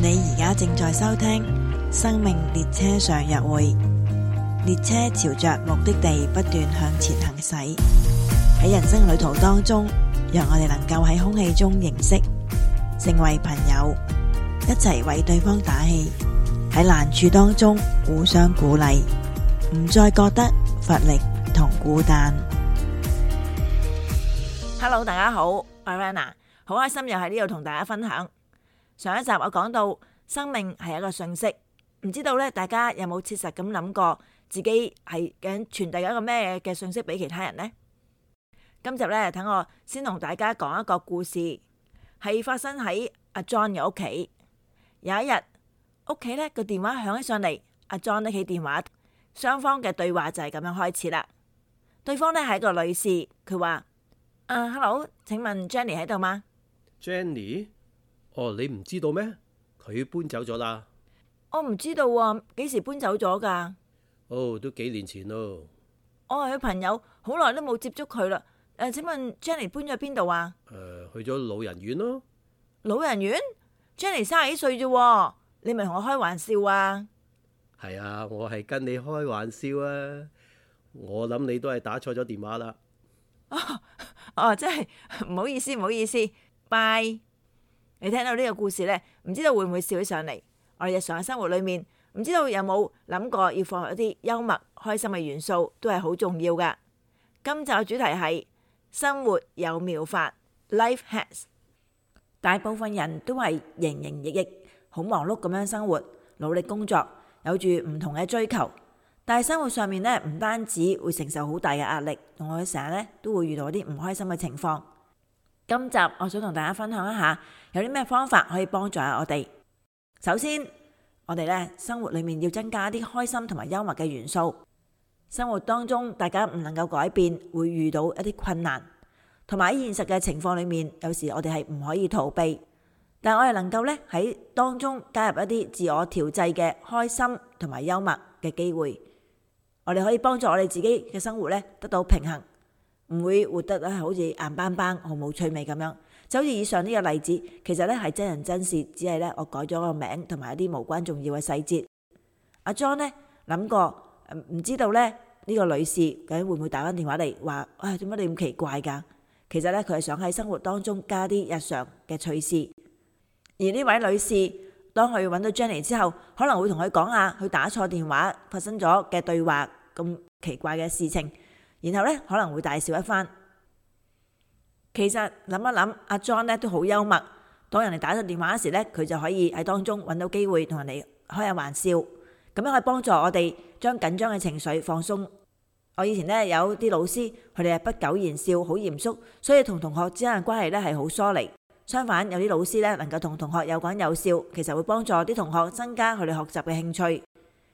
你而家正在收聽《生命列車上約會》，列車朝着目的地不斷向前行駛。喺人生旅途當中，讓我哋能夠喺空氣中認識，成為朋友，一齊為對方打氣。喺難處當中互相鼓勵，唔再覺得乏力同孤單。Hello，大家好，我係 Rana，好開心又喺呢度同大家分享。上一集我講到生命係一個信息，唔知道咧大家有冇切實咁諗過自己係嘅傳遞一個咩嘅信息俾其他人呢？今集咧等我先同大家講一個故事，係發生喺阿 John 嘅屋企。有一日屋企咧個電話響起上嚟，阿 John 拎起電話，雙方嘅對話就係咁樣開始啦。對方咧係一個女士，佢話：誒，uh，hello，請問 Jenny 喺度嗎？Jenny。哦，你唔知道咩？佢搬走咗啦。我唔知道，啊，幾時搬走咗噶？哦，都幾年前咯。我係佢朋友，好耐都冇接觸佢啦。誒、呃，請問 Jenny 搬咗去邊度啊？誒、呃，去咗老人院咯。老人院？Jenny 卅幾歲啫，你咪同我開玩笑啊？係啊，我係跟你開玩笑啊。我諗你都係打錯咗電話啦。哦哦，真係唔好意思，唔好意思，拜。你聽到呢個故事呢，唔知道會唔會笑起上嚟？我哋日常嘅生活裏面，唔知道有冇諗過要放入一啲幽默開心嘅元素，都係好重要㗎。今集嘅主題係生活有妙法 （Life Hacks）。大部分人都係營營役役、好忙碌咁樣生活，努力工作，有住唔同嘅追求。但係生活上面呢，唔單止會承受好大嘅壓力，同埋成日呢，都會遇到一啲唔開心嘅情況。今集我想同大家分享一下有啲咩方法可以幫助下我哋。首先，我哋咧生活裏面要增加一啲開心同埋幽默嘅元素。生活當中大家唔能夠改變，會遇到一啲困難，同埋喺現實嘅情況裏面，有時我哋係唔可以逃避，但係我哋能夠咧喺當中加入一啲自我調製嘅開心同埋幽默嘅機會，我哋可以幫助我哋自己嘅生活咧得到平衡。唔會活得好似硬梆梆毫冇趣味咁樣，就好似以上呢個例子，其實呢係真人真事，只係呢我改咗個名同埋一啲無關重要嘅細節。阿 John 呢，諗過，唔知道呢，呢、呢個女士究竟會唔會打返電話嚟話，啊做乜你咁奇怪噶？其實呢，佢係想喺生活當中加啲日常嘅趣事。而呢位女士當佢揾到 Jenny 之後，可能會同佢講下佢打錯電話發生咗嘅對話咁奇怪嘅事情。然後呢，可能會大笑一番。其實諗一諗，阿 John 都好幽默。當人哋打錯電話嗰時，佢就可以喺當中揾到機會同人哋開下玩笑，咁樣可以幫助我哋將緊張嘅情緒放鬆。我以前呢，有啲老師，佢哋係不苟言笑，好嚴肅，所以同同學之間嘅關係呢係好疏離。相反，有啲老師呢，能夠同同學有講有笑，其實會幫助啲同學增加佢哋學習嘅興趣。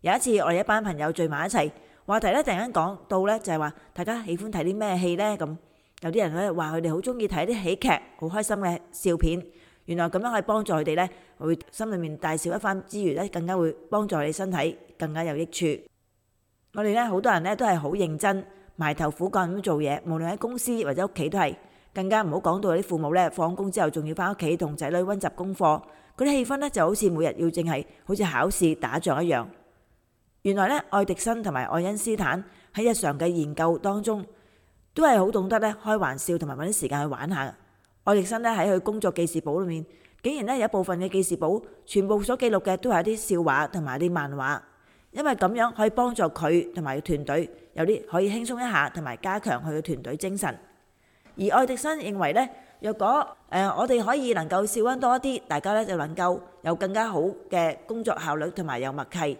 有一次，我哋一班朋友聚埋一齊。話題咧，突然間講到咧，就係話大家喜歡睇啲咩戲咧？咁有啲人咧，話佢哋好中意睇啲喜劇，好開心嘅笑片。原來咁樣可以幫助佢哋咧，會心裏面大笑一翻之餘咧，更加會幫助你身體更加有益處。我哋咧，好多人咧，都係好認真埋頭苦幹咁做嘢，無論喺公司或者屋企都係。更加唔好講到啲父母咧，放工之後仲要翻屋企同仔女溫習功課，嗰啲氣氛咧，就好似每日要正係好似考試打仗一樣。原來呢，愛迪生同埋愛因斯坦喺日常嘅研究當中都係好懂得呢開玩笑，同埋搵啲時間去玩下。愛迪生呢喺佢工作記事簿裏面，竟然呢有一部分嘅記事簿全部所記錄嘅都係一啲笑話同埋啲漫畫，因為咁樣可以幫助佢同埋團隊有啲可以輕鬆一下，同埋加強佢嘅團隊精神。而愛迪生認為呢若果、呃、我哋可以能夠笑翻多一啲，大家呢就能夠有更加好嘅工作效率同埋有默契。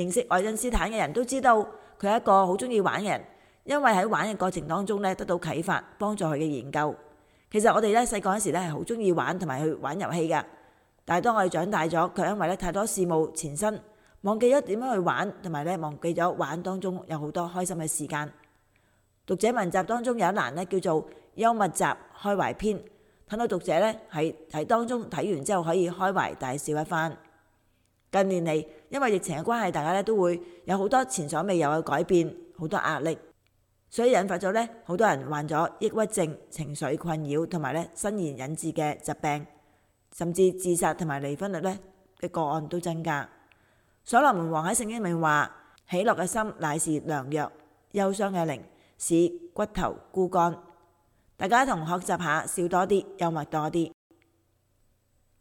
認識愛因斯坦嘅人都知道，佢係一個好中意玩嘅人，因為喺玩嘅過程當中咧得到啟發，幫助佢嘅研究。其實我哋咧細個嗰時咧係好中意玩同埋去玩遊戲噶，但係當我哋長大咗，卻因為咧太多事務纏身，忘記咗點樣去玩，同埋咧忘記咗玩當中有好多開心嘅時間。讀者文摘當中有一欄咧叫做幽默集、開懷篇，睇到讀者咧喺喺當中睇完之後可以開懷大笑一番。近年嚟，因為疫情嘅關係，大家呢都會有好多前所未有嘅改變，好多壓力，所以引發咗呢好多人患咗抑鬱症、情緒困擾同埋呢伸延引致嘅疾病，甚至自殺同埋離婚率呢嘅個案都增加。所羅門王喺聖經裏面話：喜樂嘅心乃是良藥，憂傷嘅靈使骨頭枯乾。大家一同學習一下，笑多啲，幽默多啲。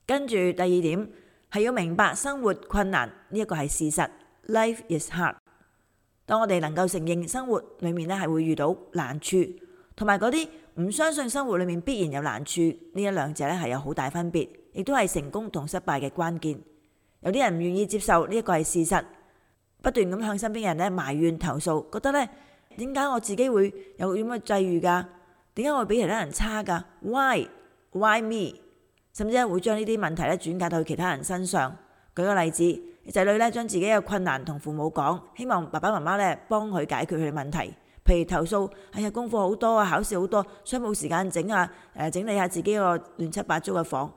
跟住第二點。係要明白生活困難呢一個係事實，Life is hard。當我哋能夠承認生活裏面咧係會遇到難處，同埋嗰啲唔相信生活裏面必然有難處呢一兩者咧係有好大分別，亦都係成功同失敗嘅關鍵。有啲人唔願意接受呢一個係事實，不斷咁向身邊嘅人埋怨投訴，覺得呢點解我自己會有咁嘅際遇噶？點解我會比其他人差噶？Why? Why me? 甚至係會將呢啲問題咧轉嫁到其他人身上。舉個例子，仔女咧將自己嘅困難同父母講，希望爸爸媽媽咧幫佢解決佢嘅問題。譬如投訴，哎呀，功課好多啊，考試好多，所以冇時間整下誒，整理下自己個亂七八糟嘅房，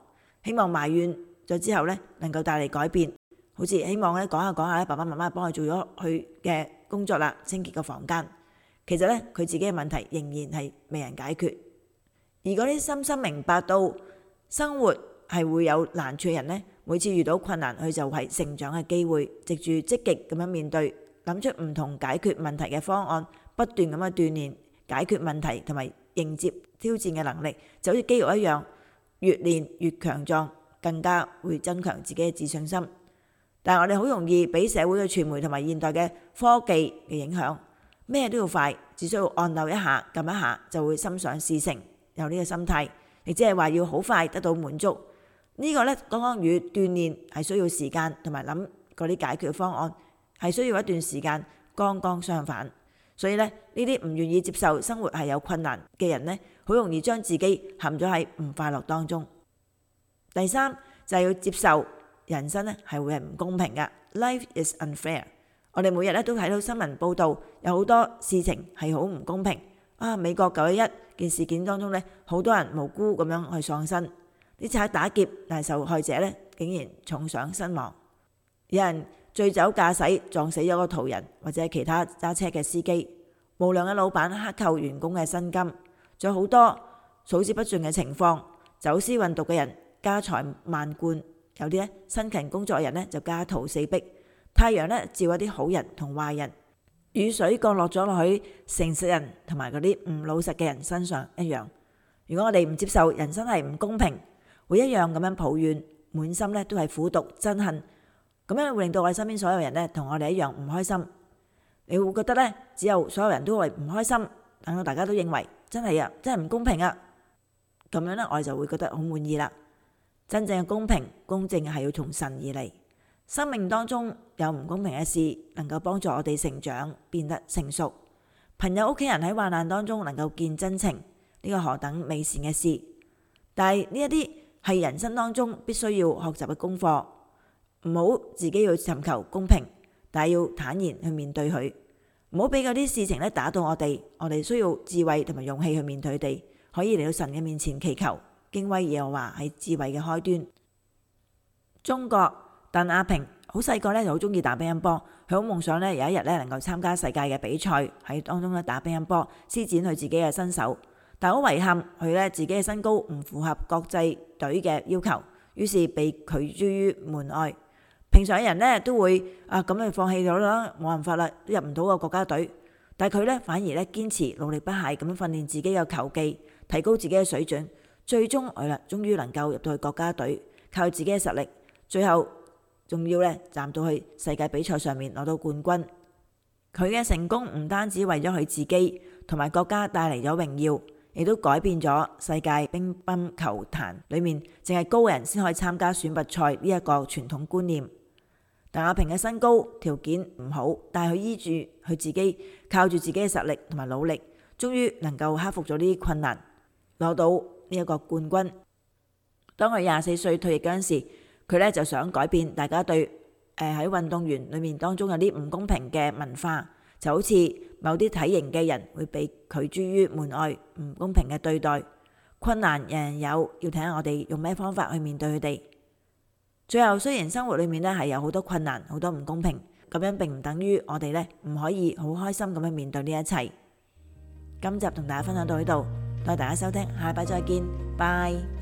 希望埋怨咗之後呢，能夠帶嚟改變。好似希望咧講下講下，爸爸媽媽幫佢做咗佢嘅工作啦，清潔個房間。其實呢，佢自己嘅問題仍然係未能解決。而嗰啲深深明白到。生活係會有難處嘅人呢，每次遇到困難，佢就係成長嘅機會。藉住積極咁樣面對，諗出唔同解決問題嘅方案，不斷咁樣鍛煉解決問題同埋迎接挑戰嘅能力，就好似肌肉一樣，越練越強壯，更加會增強自己嘅自信心。但係我哋好容易俾社會嘅傳媒同埋現代嘅科技嘅影響，咩都要快，只需要按鈕一下、撳一下就會心想事成，有呢個心態。你只係話要好快得到滿足，呢個呢，剛剛與鍛鍊係需要時間，同埋諗嗰啲解決方案係需要一段時間，剛剛相反，所以呢，呢啲唔願意接受生活係有困難嘅人呢，好容易將自己陷咗喺唔快樂當中。第三就係要接受人生咧係會係唔公平嘅，Life is unfair。我哋每日咧都睇到新聞報道，有好多事情係好唔公平。啊！美國九一一件事件當中呢好多人無辜咁樣去喪生；啲賊打劫，但係受害者呢竟然重傷身亡；有人醉酒駕駛撞死咗個途人，或者其他揸車嘅司機；無良嘅老闆克扣員工嘅薪金，仲有好多數之不盡嘅情況；走私運毒嘅人家財萬貫，有啲呢辛勤工作的人呢，就家徒四壁。太陽呢，照一啲好人同壞人。雨水降落咗落去誠實人同埋嗰啲唔老實嘅人身上一樣。如果我哋唔接受，人生係唔公平，會一樣咁樣抱怨，滿心呢都係苦毒憎恨，咁樣會令到我哋身邊所有人呢同我哋一樣唔開心。你會覺得呢，只有所有人都會唔開心，等到大家都認為真係啊，真係唔公平啊，咁樣呢，我就會覺得好滿意啦。真正嘅公平公正係要從神而嚟，生命當中。有唔公平嘅事，能夠幫助我哋成長，變得成熟。朋友屋企人喺患難當中能夠見真情，呢、這個何等美善嘅事！但係呢一啲係人生當中必須要學習嘅功課，唔好自己去尋求公平，但係要坦然去面對佢，唔好俾嗰啲事情咧打到我哋。我哋需要智慧同埋勇氣去面對佢哋，可以嚟到神嘅面前祈求。敬畏耶和華係智慧嘅開端。中國鄧亞萍。好細個呢就好中意打乒乓波。佢好夢想呢有一日呢能夠參加世界嘅比賽，喺當中呢打乒乓波，施展佢自己嘅身手。但好遺憾，佢呢自己嘅身高唔符合國際隊嘅要求，於是被拒之於門外。平常人呢都會啊咁樣放棄咗啦，冇辦法啦，入唔到個國家隊。但係佢呢反而呢堅持，努力不懈咁樣訓練自己嘅球技，提高自己嘅水準，最終係啦，終於能夠入到去國家隊，靠自己嘅實力，最後。仲要咧，站到去世界比賽上面攞到冠軍，佢嘅成功唔單止為咗佢自己同埋國家帶嚟咗榮耀，亦都改變咗世界乒乓球壇裏面淨係高人先可以參加選拔賽呢一個傳統觀念。鄧亞萍嘅身高條件唔好，但係佢依住佢自己靠住自己嘅實力同埋努力，終於能夠克服咗呢啲困難，攞到呢一個冠軍。當佢廿四歲退役嗰陣時。佢呢就想改變大家對誒喺運動員裏面當中有啲唔公平嘅文化，就好似某啲體型嘅人會被拒諸於門外，唔公平嘅對待，困難人人有，要睇下我哋用咩方法去面對佢哋。最後雖然生活裏面呢係有好多困難，好多唔公平，咁樣並唔等於我哋呢唔可以好開心咁樣面對呢一切。今集同大家分享到呢度，多謝大家收聽，下禮拜再見，拜。